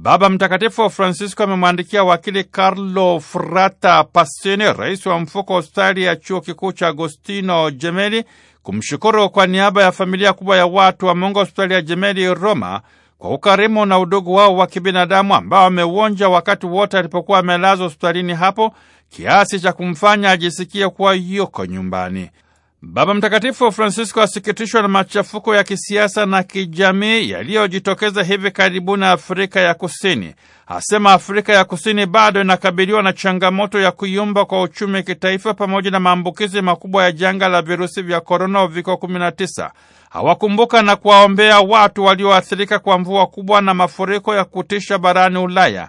Baba Mtakatifu Francisco amemwandikia wakili Carlo Frata Pasini, rais wa mfuko wa hospitali ya chuo kikuu cha Agostino Jemeli, kumshukuru kwa niaba ya familia kubwa ya watu wa Mungu hospitali ya Jemeli Roma kwa ukarimu na udugu wao wa kibinadamu ambao ameuonja wakati wote alipokuwa amelazwa hospitalini hapo, kiasi cha kumfanya ajisikie kuwa yuko nyumbani. Baba Mtakatifu Francisco asikitishwa na machafuko ya kisiasa na kijamii yaliyojitokeza hivi karibuni Afrika ya Kusini. Asema Afrika ya Kusini bado inakabiliwa na changamoto ya kuyumba kwa uchumi kitaifa pamoja na maambukizi makubwa ya janga la virusi vya korona uviko 19. Hawakumbuka na kuwaombea watu walioathirika kwa mvua kubwa na mafuriko ya kutisha barani Ulaya.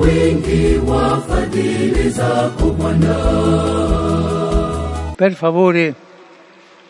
wingi wa fadhili zako mwanao Per favore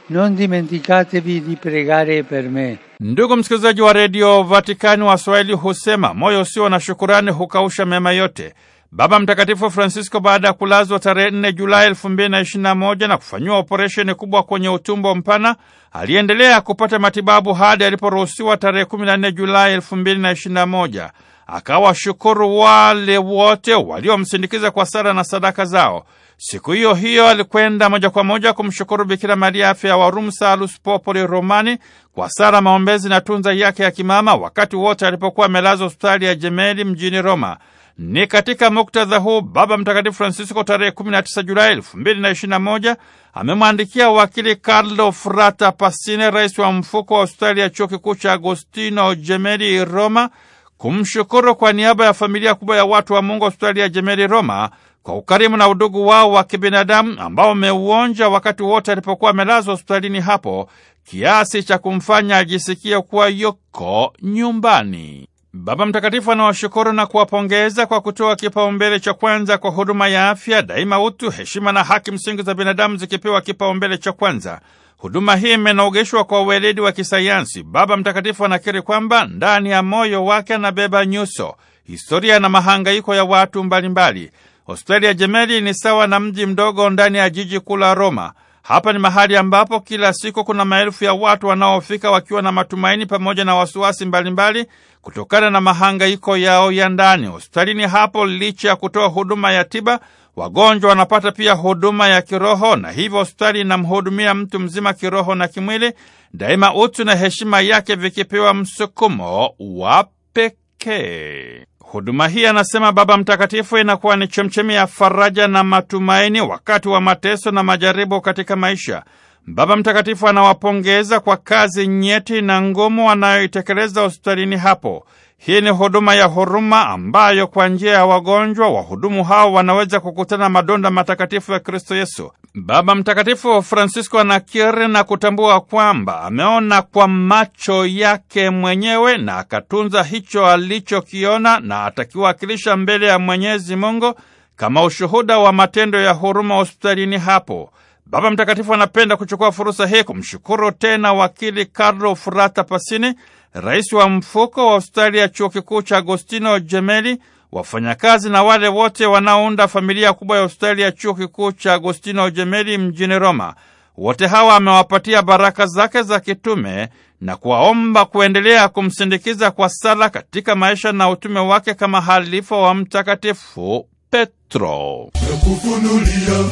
non dimenticatevi di pregare per me. Ndugu msikilizaji wa redio Vatikani, Waswahili husema moyo usio na shukurani hukausha mema yote. Baba Mtakatifu Francisco baada ya kulazwa tarehe 4 Julai 2021 na kufanyiwa operesheni kubwa kwenye utumbo mpana, aliendelea kupata matibabu hadi aliporuhusiwa tarehe 14 Julai 2021. Akawashukuru wale wote waliomsindikiza kwa sala na sadaka zao. Siku hiyo hiyo alikwenda moja kwa moja kumshukuru Bikira Maria, afya ya rumsa alus Populi Romani, kwa sala, maombezi na tunza yake ya kimama wakati wote alipokuwa amelazwa hospitali ya Jemeli mjini Roma. Ni katika muktadha huu Baba Mtakatifu Francisco tarehe 19 Julai 2021 amemwandikia wakili Carlo Frata Pasine, rais wa mfuko wa hospitali ya chuo kikuu cha Agostino Jemeli Roma, kumshukuru kwa niaba ya familia kubwa ya watu wa Mungu hospitali ya Jemeli Roma kwa ukarimu na udugu wao wa kibinadamu ambao ameuonja wakati wote alipokuwa amelazwa hospitalini hapo, kiasi cha kumfanya ajisikie kuwa yuko nyumbani. Baba Mtakatifu anawashukuru na kuwapongeza kwa kutoa kipaumbele cha kwanza kwa huduma ya afya. Daima utu, heshima na haki msingi za binadamu zikipewa kipaumbele cha kwanza, huduma hii imenogeshwa kwa uweledi wa kisayansi. Baba Mtakatifu anakiri kwamba ndani ya moyo wake anabeba nyuso, historia na mahangaiko ya watu mbalimbali mbali. Australia Jemeli ni sawa na mji mdogo ndani ya jiji kuu la Roma. Hapa ni mahali ambapo kila siku kuna maelfu ya watu wanaofika wakiwa na matumaini pamoja na wasiwasi mbalimbali kutokana na mahangaiko yao ya ndani. Hospitalini hapo, licha ya kutoa huduma ya tiba, wagonjwa wanapata pia huduma ya kiroho, na hivyo hospitali inamhudumia mtu mzima kiroho na kimwili, daima utu na heshima yake vikipewa msukumo wa pekee. Huduma hii anasema Baba Mtakatifu inakuwa ni chemchemi ya faraja na matumaini wakati wa mateso na majaribu katika maisha. Baba Mtakatifu anawapongeza kwa kazi nyeti na ngumu wanayoitekeleza hospitalini hapo. Hii ni huduma ya huruma ambayo kwa njia ya wagonjwa wahudumu hao wanaweza kukutana madonda matakatifu ya Kristo Yesu. Baba Mtakatifu Francisco anakiri na kutambua kwamba ameona kwa macho yake mwenyewe na akatunza hicho alichokiona na atakiwakilisha mbele ya Mwenyezi Mungu kama ushuhuda wa matendo ya huruma hospitalini hapo. Baba Mtakatifu anapenda kuchukua fursa hii kumshukuru tena wakili Carlo Furata Pasini, rais wa mfuko wa hospitali ya chuo kikuu cha Agostino Gemelli wafanyakazi na wale wote wanaounda familia kubwa ya hospitali ya chuo kikuu cha Agostino Jemeli mjini Roma. Wote hawa amewapatia baraka zake za kitume na kuwaomba kuendelea kumsindikiza kwa sala katika maisha na utume wake kama halifa wa Mtakatifu Petro. Nakufunulia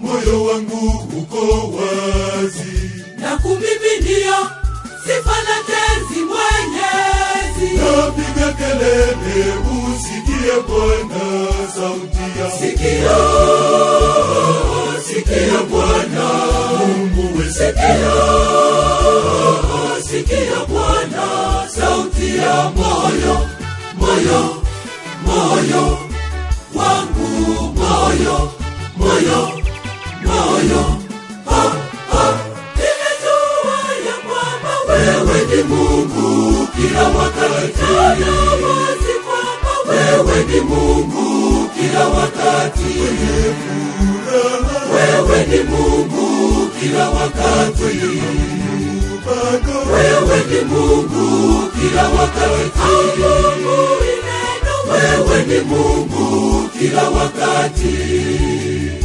moyo wangu uko wazi, na sifa na Mwenyezi kelele, usikie Bwana sauti ya sikio, sikio Bwana Mungu we sikio, Bwana sauti ya moyo, moyo, moyo wangu, moyo, moyo, moyo, ha, ha, nimejua ya kwamba wewe ni Mungu kila wakati, wewe ni Mungu kila wakati, wewe ni Mungu kila wakati, wewe ni Mungu kila wakati, wewe ni Mungu kila wakati.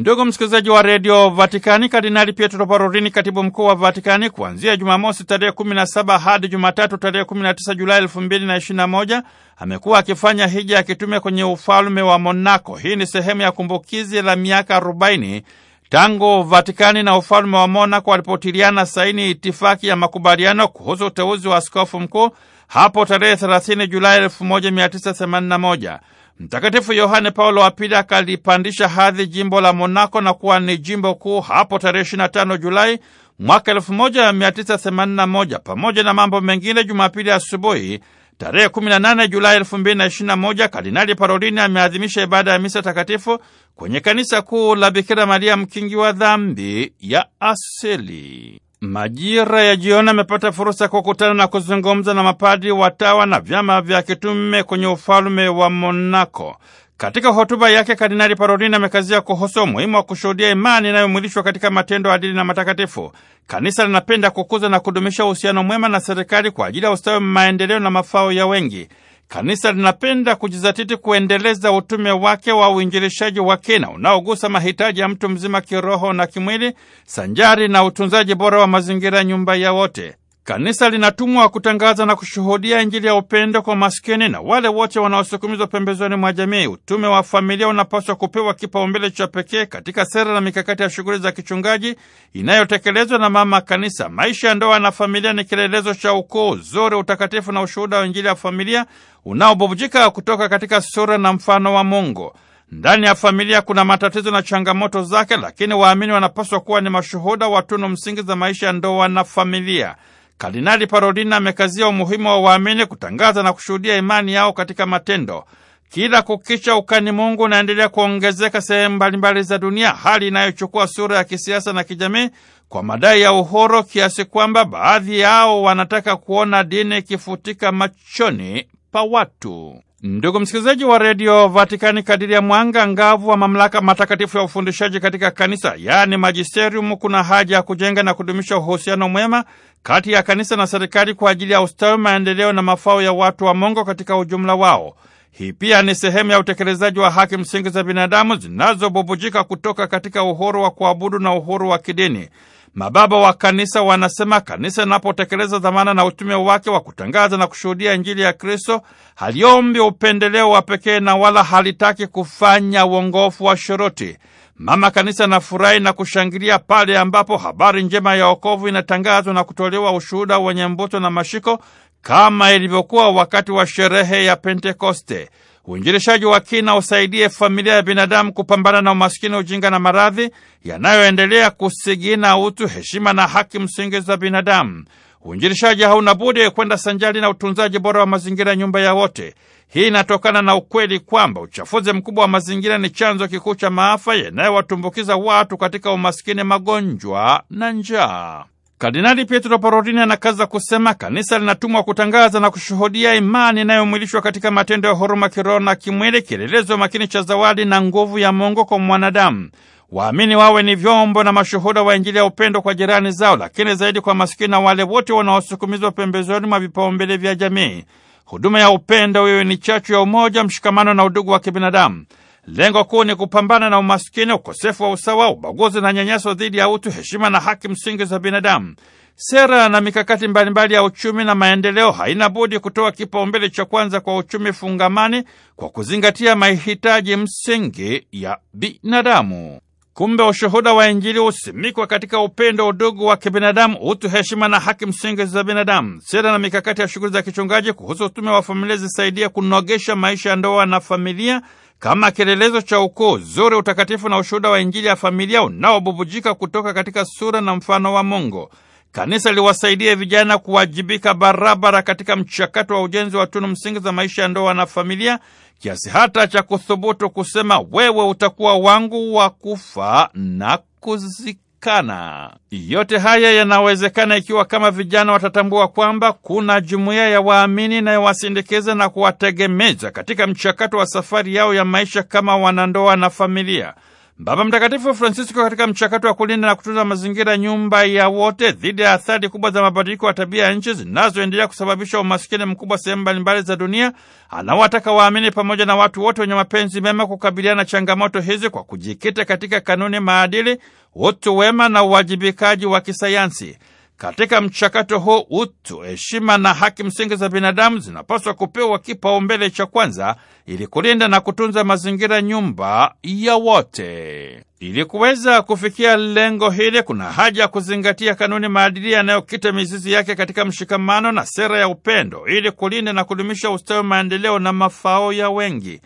Ndugu msikilizaji wa redio Vatikani, Kardinali Pietro Parolin, katibu mkuu wa Vatikani, kuanzia Jumamosi tarehe 17 hadi Jumatatu tarehe 19 Julai 2021 amekuwa akifanya hija ya kitume kwenye ufalume wa Monako. Hii ni sehemu ya kumbukizi la miaka 40 tangu Vatikani na ufalume wa Monako walipotiliana saini itifaki ya makubaliano kuhusu uteuzi wa askofu mkuu hapo tarehe 30 Julai 1981. Mtakatifu Yohane Paulo wa Pili akalipandisha hadhi jimbo la Monako na kuwa ni jimbo kuu hapo tarehe 25 Julai mwaka 1981. Pamoja na mambo mengine, Jumapili asubuhi tarehe 18 Julai 2021, Kardinali Parolini ameadhimisha ibada ya misa takatifu kwenye kanisa kuu la Bikira Maria mkingi wa dhambi ya asili. Majira ya jioni amepata fursa ya kukutana na kuzungumza na mapadri, watawa na vyama vya kitume kwenye ufalume wa Monako. Katika hotuba yake Kardinali Parolin amekazia kuhusu umuhimu wa kushuhudia imani inayomwilishwa katika matendo adili na matakatifu. Kanisa linapenda kukuza na kudumisha uhusiano mwema na serikali kwa ajili ya ustawi, maendeleo na mafao ya wengi. Kanisa linapenda kujizatiti kuendeleza utume wake wa uinjilishaji wa kina unaogusa mahitaji ya mtu mzima kiroho na kimwili, sanjari na utunzaji bora wa mazingira, nyumba ya wote. Kanisa linatumwa kutangaza na kushuhudia Injili ya upendo kwa maskini na wale wote wanaosukumizwa pembezoni mwa jamii. Utume wa familia unapaswa kupewa kipaumbele cha pekee katika sera na mikakati ya shughuli za kichungaji inayotekelezwa na Mama Kanisa. Maisha ya ndoa na familia ni kielelezo cha ukuu, uzuri, utakatifu na ushuhuda wa Injili ya familia unaobubujika kutoka katika sura na mfano wa Mungu. Ndani ya familia kuna matatizo na changamoto zake, lakini waamini wanapaswa kuwa ni mashuhuda wa tunu msingi za maisha ya ndoa na familia. Kardinali Parolin amekazia umuhimu wa waamini kutangaza na kushuhudia imani yao katika matendo. Kila kukicha ukani Mungu unaendelea kuongezeka sehemu mbalimbali za dunia, hali inayochukua sura ya kisiasa na kijamii kwa madai ya uhuru, kiasi kwamba baadhi yao wanataka kuona dini ikifutika machoni pa watu. Ndugu msikilizaji wa redio Vatikani, kadiri ya mwanga ngavu wa mamlaka matakatifu ya ufundishaji katika kanisa, yaani magisterium, kuna haja ya kujenga na kudumisha uhusiano mwema kati ya kanisa na serikali kwa ajili ya ustawi, maendeleo na mafao ya watu wa Mungu katika ujumla wao. Hii pia ni sehemu ya utekelezaji wa haki msingi za binadamu zinazobubujika kutoka katika uhuru wa kuabudu na uhuru wa kidini. Mababa wa kanisa wanasema kanisa linapotekeleza dhamana na utume wake wa kutangaza na kushuhudia Injili ya Kristo haliombi upendeleo wa pekee na wala halitaki kufanya uongofu wa shoroti. Mama Kanisa anafurahi na kushangilia pale ambapo habari njema ya wokovu inatangazwa na kutolewa ushuhuda wenye mbuto na mashiko kama ilivyokuwa wakati wa sherehe ya Pentekoste uinjilishaji wa kina usaidie familia ya binadamu kupambana na umasikini, ujinga na maradhi yanayoendelea kusigina utu, heshima na haki msingi za binadamu. Uinjilishaji hauna budi kwenda sanjari na utunzaji bora wa mazingira, nyumba ya wote. Hii inatokana na ukweli kwamba uchafuzi mkubwa wa mazingira ni chanzo kikuu cha maafa yanayowatumbukiza watu katika umaskini magonjwa na njaa. Kardinali Pietro Parolini anakaza kusema kanisa linatumwa kutangaza na kushuhudia imani inayomwilishwa katika matendo ya huruma kiroho na kimwili, kielelezo makini cha zawadi na nguvu ya Mungu kwa mwanadamu. Waamini wawe ni vyombo na mashuhuda wa Injili ya upendo kwa jirani zao, lakini zaidi kwa masikini na wale wote wanaosukumizwa pembezoni mwa vipaumbele vya jamii. Huduma ya upendo hiyo ni chachu ya umoja, mshikamano na udugu wa kibinadamu. Lengo kuu ni kupambana na umaskini, ukosefu wa usawa, ubaguzi na nyanyaso dhidi ya utu, heshima na haki msingi za binadamu. Sera na mikakati mbalimbali ya uchumi na maendeleo haina budi kutoa kipaumbele cha kwanza kwa uchumi fungamani kwa kuzingatia mahitaji msingi ya binadamu. Kumbe ushuhuda wa Injili husimikwa katika upendo, udugu wa kibinadamu, utu, heshima na haki msingi za binadamu. Sera na mikakati ya shughuli za kichungaji kuhusu utume wa familia zisaidia kunogesha maisha ya ndoa na familia kama kielelezo cha ukuu, zuri utakatifu na ushuhuda wa Injili ya familia unaobubujika kutoka katika sura na mfano wa Mungu. Kanisa liwasaidie vijana kuwajibika barabara katika mchakato wa ujenzi wa tunu msingi za maisha ya ndoa na familia, kiasi hata cha kuthubutu kusema, wewe utakuwa wangu wa kufa na kuzika kupatikana. Yote haya yanawezekana ikiwa kama vijana watatambua kwamba kuna jumuiya ya waamini inayowasindikiza na kuwategemeza katika mchakato wa safari yao ya maisha kama wanandoa na familia. Baba Mtakatifu Francisco katika mchakato wa kulinda na kutunza mazingira, nyumba ya wote, dhidi ya athari kubwa za mabadiliko ya tabia ya nchi zinazoendelea kusababisha umasikini mkubwa sehemu mbalimbali za dunia, anawataka waamini pamoja na watu wote wenye mapenzi mema kukabiliana na changamoto hizi kwa kujikita katika kanuni, maadili, utu wema na uwajibikaji wa kisayansi. Katika mchakato huu utu, heshima na haki msingi za binadamu zinapaswa kupewa kipaumbele cha kwanza ili kulinda na kutunza mazingira, nyumba ya wote. Ili kuweza kufikia lengo hili, kuna haja ya kuzingatia kanuni maadili yanayokita mizizi yake katika mshikamano na sera ya upendo, ili kulinda na kudumisha ustawi, maendeleo na mafao ya wengi.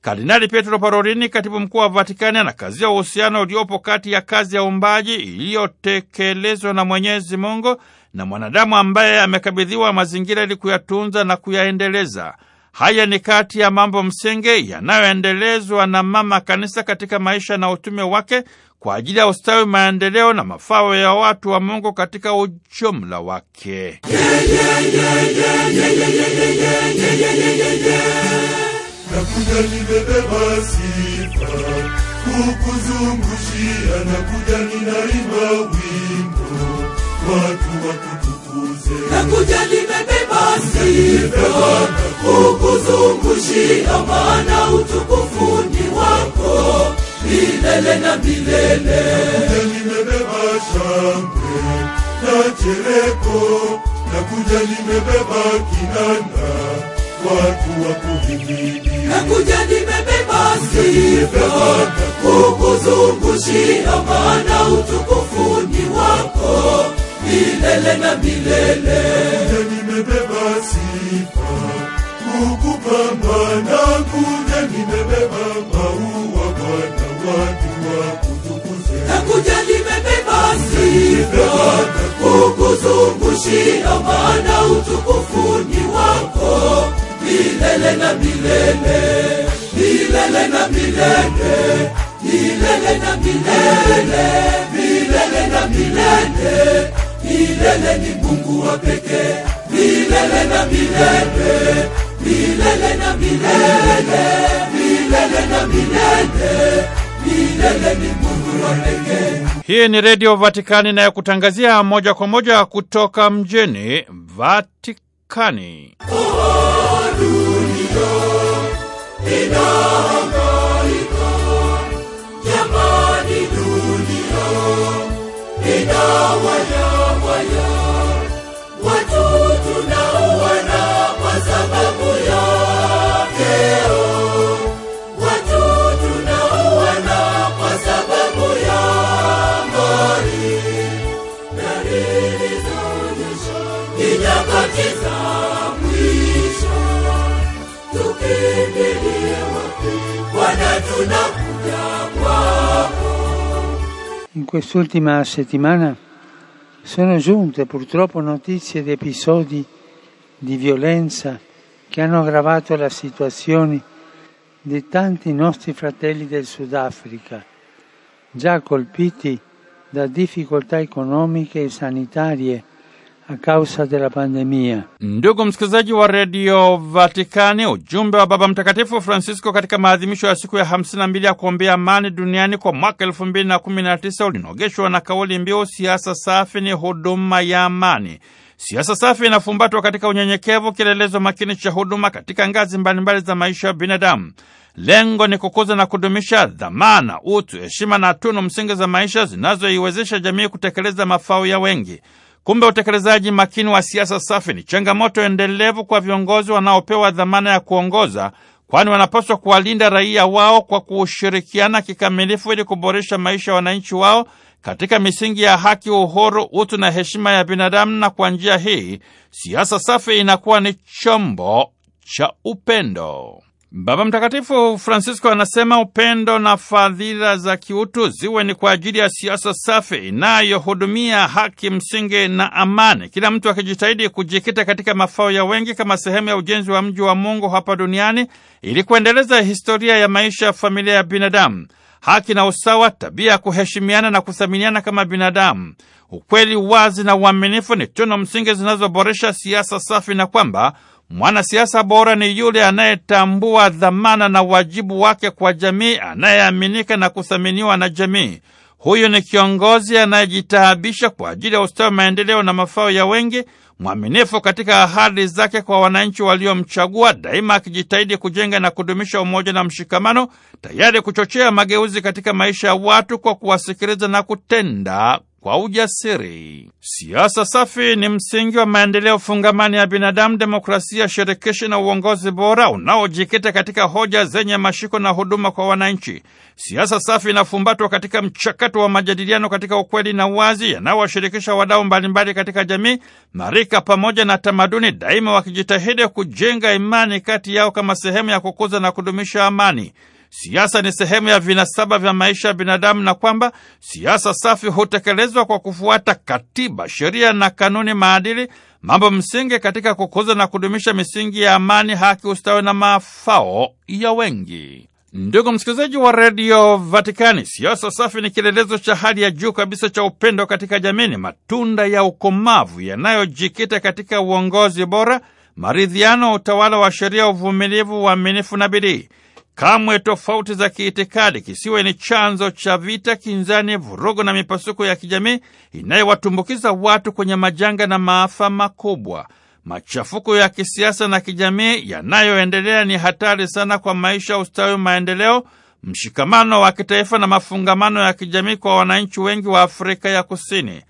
Kardinali Pietro Parolini, katibu mkuu wa Vatikani, anakazia uhusiano uliopo kati ya kazi ya uumbaji iliyotekelezwa na Mwenyezi Mungu na mwanadamu ambaye amekabidhiwa mazingira ili kuyatunza na kuyaendeleza. Haya ni kati ya mambo msingi yanayoendelezwa na Mama Kanisa katika maisha na utume wake kwa ajili ya ustawi, maendeleo na mafao ya watu wa Mungu katika ujumla wake nakuja nimebeba sifa kukuzungushia, nakuja ninaimba wimbo watu wakutukuze. Nakuja nimebeba sifa kukuzungushia, maana utukufu wako milele na milele. Nakuja nimebeba shangwe na chereko, nakuja nimebeba kinanda watu wakuhimidi. Nakuja nimebeba sifa kukuzungushia, maana utukufu ni wako milele na milele. Nakuja nimebeba sifa kukupamba, nakuja nimebeba maua, Bwana watu wakutukuze. Nakuja nimebeba sifa milele, milele na milele, milele na milele, milele na milele. Milele ni Mungu wa pekee, milele na milele, milele na milele, milele na milele. Milele ni Mungu wa pekee. Hii ni Redio Vatikani inayokutangazia moja kwa moja kutoka mjini Vatikani. Oh, oh inahangaika jamani dunia inawaya quest'ultima settimana sono giunte purtroppo notizie di episodi di violenza che hanno aggravato la situazione di tanti nostri fratelli del Sudafrica, già colpiti da difficoltà economiche e sanitarie a causa della pandemia. Ndugu msikilizaji wa redio Vatikani, ujumbe wa Baba Mtakatifu Francisco katika maadhimisho ya siku ya 52 ya kuombea amani duniani kwa mwaka 2019 ulinogeshwa na kauli mbiu siasa safi ni huduma ya amani. Siasa safi inafumbatwa katika unyenyekevu, kielelezo makini cha huduma katika ngazi mbalimbali za maisha ya binadamu. Lengo ni kukuza na kudumisha dhamana, utu, heshima na tunu msingi za maisha zinazoiwezesha jamii kutekeleza mafao ya wengi. Kumbe utekelezaji makini wa siasa safi ni changamoto endelevu kwa viongozi wanaopewa dhamana ya kuongoza, kwani wanapaswa kuwalinda raia wao kwa kushirikiana kikamilifu ili kuboresha maisha ya wananchi wao katika misingi ya haki, uhuru, utu na heshima ya binadamu. Na kwa njia hii siasa safi inakuwa ni chombo cha upendo. Baba Mtakatifu Francisco anasema upendo na fadhila za kiutu ziwe ni kwa ajili ya siasa safi inayohudumia haki msingi na amani, kila mtu akijitahidi kujikita katika mafao ya wengi kama sehemu ya ujenzi wa mji wa Mungu hapa duniani ili kuendeleza historia ya maisha ya familia ya binadamu, haki na usawa, tabia ya kuheshimiana na kuthaminiana kama binadamu, ukweli, wazi na uaminifu ni tuno msingi zinazoboresha siasa safi na kwamba Mwanasiasa bora ni yule anayetambua dhamana na wajibu wake kwa jamii, anayeaminika na kuthaminiwa na jamii. Huyu ni kiongozi anayejitaabisha kwa ajili ya ustawi, maendeleo na mafao ya wengi, mwaminifu katika ahadi zake kwa wananchi waliomchagua, daima akijitahidi kujenga na kudumisha umoja na mshikamano, tayari kuchochea mageuzi katika maisha ya watu kwa kuwasikiliza na kutenda kwa ujasiri. Siasa safi ni msingi wa maendeleo fungamani ya binadamu, demokrasia shirikishi na uongozi bora unaojikita katika hoja zenye mashiko na huduma kwa wananchi. Siasa safi inafumbatwa katika mchakato wa majadiliano katika ukweli na uwazi, yanayowashirikisha wadau mbalimbali katika jamii, marika pamoja na tamaduni, daima wakijitahidi kujenga imani kati yao kama sehemu ya kukuza na kudumisha amani siasa ni sehemu ya vinasaba vya maisha ya binadamu na kwamba siasa safi hutekelezwa kwa kufuata katiba, sheria na kanuni maadili, mambo msingi katika kukuza na kudumisha misingi ya amani, haki, ustawi na mafao ya wengi. Ndugu msikilizaji wa redio Vatikani, siasa safi ni kielelezo cha hali ya juu kabisa cha upendo katika jamii, ni matunda ya ukomavu yanayojikita katika uongozi bora, maridhiano, utawala wa sheria, uvumilivu, uaminifu na bidii. Kamwe tofauti za kiitikadi kisiwe ni chanzo cha vita, kinzani, vurugu na mipasuko ya kijamii inayowatumbukiza watu kwenye majanga na maafa makubwa. Machafuko ya kisiasa na kijamii yanayoendelea ni hatari sana kwa maisha, ustawi, maendeleo, mshikamano wa kitaifa na mafungamano ya kijamii kwa wananchi wengi wa Afrika ya Kusini.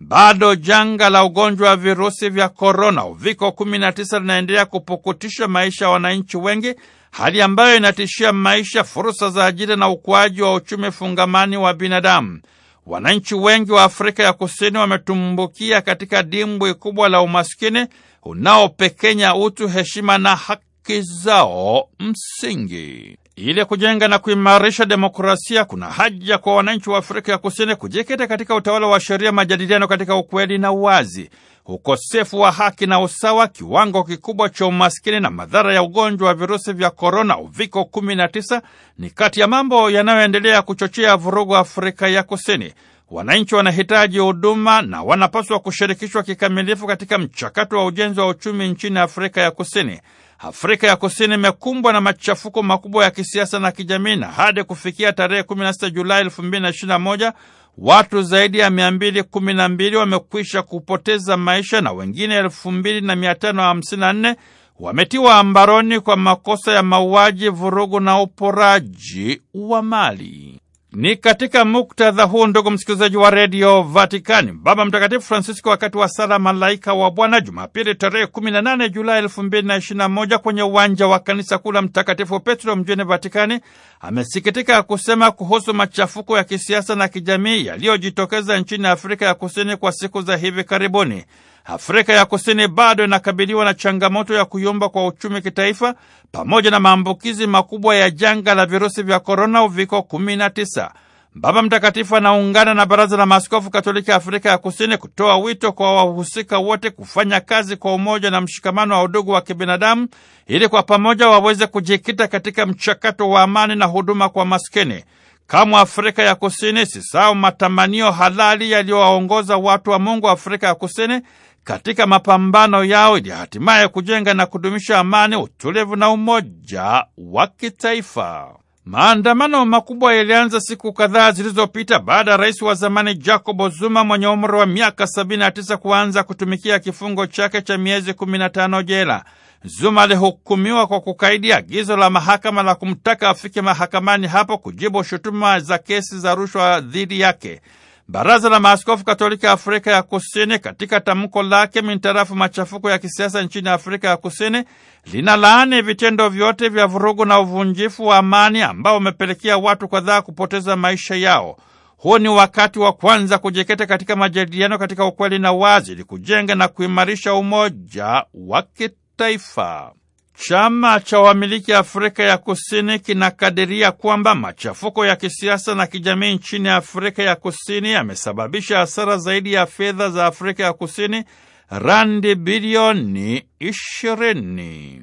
Bado janga la ugonjwa wa virusi vya korona, uviko 19, linaendelea kupukutisha maisha ya wananchi wengi hali ambayo inatishia maisha, fursa za ajira na ukuaji wa uchumi fungamani wa binadamu. Wananchi wengi wa Afrika ya Kusini wametumbukia katika dimbwi kubwa la umaskini unaopekenya utu, heshima na haki zao msingi. Ili kujenga na kuimarisha demokrasia, kuna haja kwa wananchi wa Afrika ya Kusini kujikita katika utawala wa sheria, majadiliano katika ukweli na uwazi ukosefu wa haki na usawa, kiwango kikubwa cha umaskini na madhara ya ugonjwa wa virusi vya korona uviko 19 ni kati ya mambo yanayoendelea kuchochea vurugu Afrika ya Kusini. Wananchi wanahitaji huduma na wanapaswa kushirikishwa kikamilifu katika mchakato wa ujenzi wa uchumi nchini Afrika ya Kusini. Afrika ya Kusini imekumbwa na machafuko makubwa ya kisiasa na kijamii, na hadi kufikia tarehe 16 Julai 2021 watu zaidi ya mia mbili kumi na mbili wamekwisha kupoteza maisha na wengine elfu mbili na mia tano nne wametiwa mbaroni kwa makosa ya mauaji, vurugu na uporaji wa mali. Ni katika muktadha huu, ndugu msikilizaji wa redio Vatikani, Baba Mtakatifu Francisco wakati wa sala Malaika wa Bwana Jumapili tarehe 18 Julai 2021 kwenye uwanja wa kanisa kuu la Mtakatifu Petro mjini Vatikani amesikitika kusema kuhusu machafuko ya kisiasa na kijamii yaliyojitokeza nchini Afrika ya Kusini kwa siku za hivi karibuni. Afrika ya Kusini bado inakabiliwa na changamoto ya kuyumba kwa uchumi kitaifa pamoja na maambukizi makubwa ya janga la virusi vya korona uviko 19. Baba Mtakatifu anaungana na Baraza la Maaskofu Katoliki Afrika ya Kusini kutoa wito kwa wahusika wote kufanya kazi kwa umoja na mshikamano wa udugu wa kibinadamu ili kwa pamoja waweze kujikita katika mchakato wa amani na huduma kwa maskini. Kamwe Afrika ya Kusini sisao matamanio halali yaliyowaongoza watu wa Mungu wa Afrika ya Kusini katika mapambano yao ili hatimaye kujenga na kudumisha amani, utulivu na umoja wa kitaifa. Maandamano makubwa yalianza siku kadhaa zilizopita baada ya rais wa zamani Jacob Zuma mwenye umri wa miaka 79 kuanza kutumikia kifungo chake cha miezi 15 jela. Zuma alihukumiwa kwa kukaidi agizo la mahakama la kumtaka afike mahakamani hapo kujibu shutuma za kesi za rushwa dhidi yake. Baraza la Maaskofu Katolika Afrika ya Kusini katika tamko lake mintarafu machafuko ya kisiasa nchini Afrika ya Kusini linalaani vitendo vyote vya vurugu na uvunjifu wa amani ambao umepelekea watu kadhaa kupoteza maisha yao. Huu ni wakati wa kwanza kujikita katika majadiliano katika ukweli na wazi ili kujenga na kuimarisha umoja wa kitaifa. Chama cha wamiliki Afrika ya Kusini kinakadiria kwamba machafuko ya kisiasa na kijamii nchini Afrika ya Kusini yamesababisha hasara zaidi ya fedha za Afrika ya Kusini randi bilioni ishirini.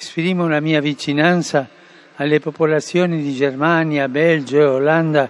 Esprimo la mia vicinanza alle popolazioni di Germania, Belgio e Olanda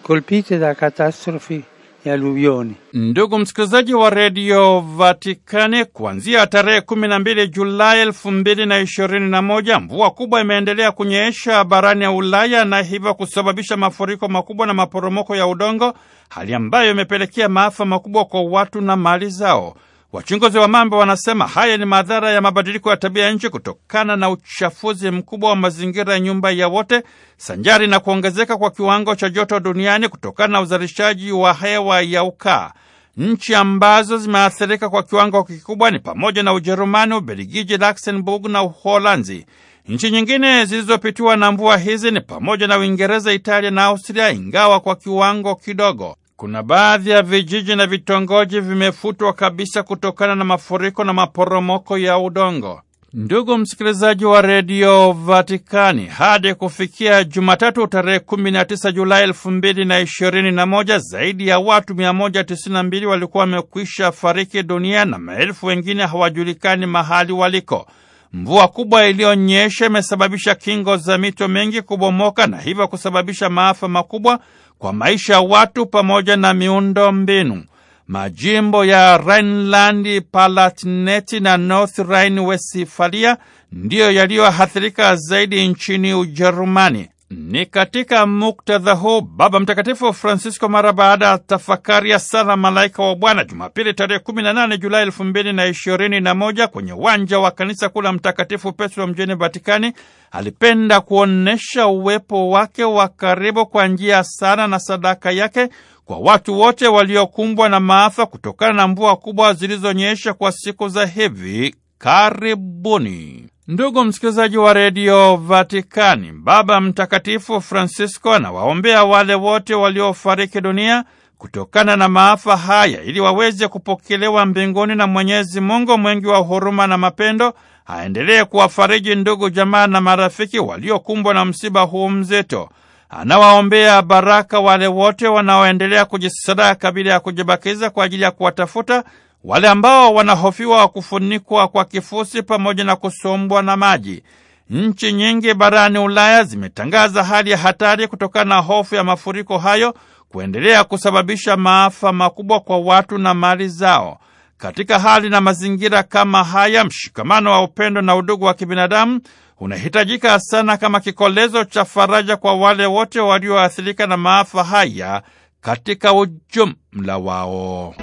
colpite da catastrofi e alluvioni. Ndugu msikilizaji wa redio Vatikani, kuanzia tarehe kumi Julai elfu mbili na na moja mvua kubwa imeendelea kunyesha barani ya Ulaya na hivyo kusababisha mafuriko makubwa na maporomoko ya udongo, hali ambayo imepelekea maafa makubwa kwa watu na mali zao. Wachunguzi wa mambo wanasema haya ni madhara ya mabadiliko ya tabia ya nchi kutokana na uchafuzi mkubwa wa mazingira ya nyumba ya wote, sanjari na kuongezeka kwa kiwango cha joto duniani kutokana na uzalishaji wa hewa ya ukaa. Nchi ambazo zimeathirika kwa kiwango kikubwa ni pamoja na Ujerumani, Ubelgiji, Luxembourg na Uholanzi. Nchi nyingine zilizopitiwa na mvua hizi ni pamoja na Uingereza, Italia na Austria, ingawa kwa kiwango kidogo. Kuna baadhi ya vijiji na vitongoji vimefutwa kabisa kutokana na mafuriko na maporomoko ya udongo. Ndugu msikilizaji wa redio Vatikani, hadi kufikia Jumatatu tarehe 19 Julai 2021 zaidi ya watu 192 walikuwa wamekwisha fariki dunia na maelfu wengine hawajulikani mahali waliko. Mvua kubwa iliyonyesha imesababisha kingo za mito mengi kubomoka na hivyo kusababisha maafa makubwa kwa maisha ya watu pamoja na miundo mbinu. Majimbo ya Rhineland Palatinate na North Rhine Westphalia ndiyo yaliyoathirika zaidi nchini Ujerumani. Ni katika muktadha huu Baba Mtakatifu Francisco mara baada ya tafakari ya sala malaika wa Bwana Jumapili tarehe 18 Julai 2021 kwenye uwanja wa kanisa kuu la Mtakatifu Petro mjini Vatikani alipenda kuonyesha uwepo wake wa karibu kwa njia ya sala na sadaka yake kwa watu wote waliokumbwa na maafa kutokana na mvua kubwa zilizonyesha kwa siku za hivi karibuni. Ndugu msikilizaji wa redio Vatikani, Baba Mtakatifu Francisco anawaombea wale wote waliofariki dunia kutokana na maafa haya ili waweze kupokelewa mbinguni na Mwenyezi Mungu mwingi wa huruma na mapendo, aendelee kuwafariji ndugu jamaa na marafiki waliokumbwa na msiba huu mzito. Anawaombea baraka wale wote wanaoendelea kujisadaka bila ya kujibakiza kwa ajili ya kuwatafuta wale ambao wanahofiwa kufunikwa kwa kifusi pamoja na kusombwa na maji. Nchi nyingi barani Ulaya zimetangaza hali ya hatari kutokana na hofu ya mafuriko hayo kuendelea kusababisha maafa makubwa kwa watu na mali zao. Katika hali na mazingira kama haya, mshikamano wa upendo na udugu wa kibinadamu unahitajika sana kama kikolezo cha faraja kwa wale wote walioathirika na maafa haya katika ujumla wao.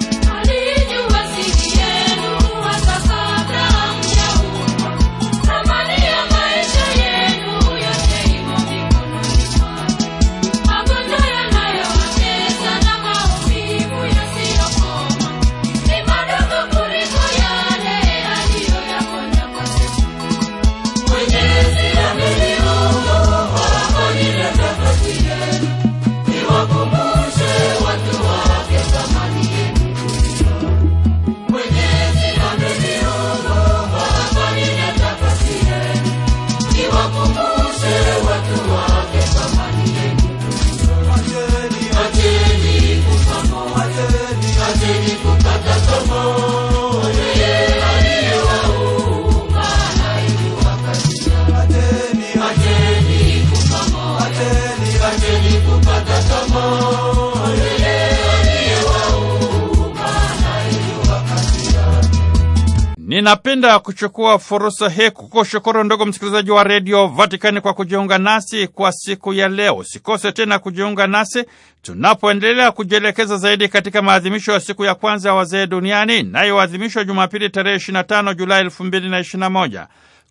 Ninapenda kuchukua fursa hii kukushukuru ndugu msikilizaji wa redio Vatikani kwa kujiunga nasi kwa siku ya leo. Usikose tena kujiunga nasi tunapoendelea kujielekeza zaidi katika maadhimisho ya siku ya kwanza ya wazee duniani inayoadhimishwa Jumapili tarehe 25 Julai 2021.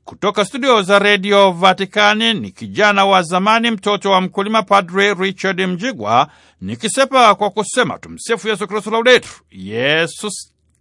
Kutoka studio za redio Vatikani ni kijana wa zamani, mtoto wa mkulima, Padre Richard Mjigwa, nikisepa kwa kusema tumsifu Yesu Kristu, laudetur Yesus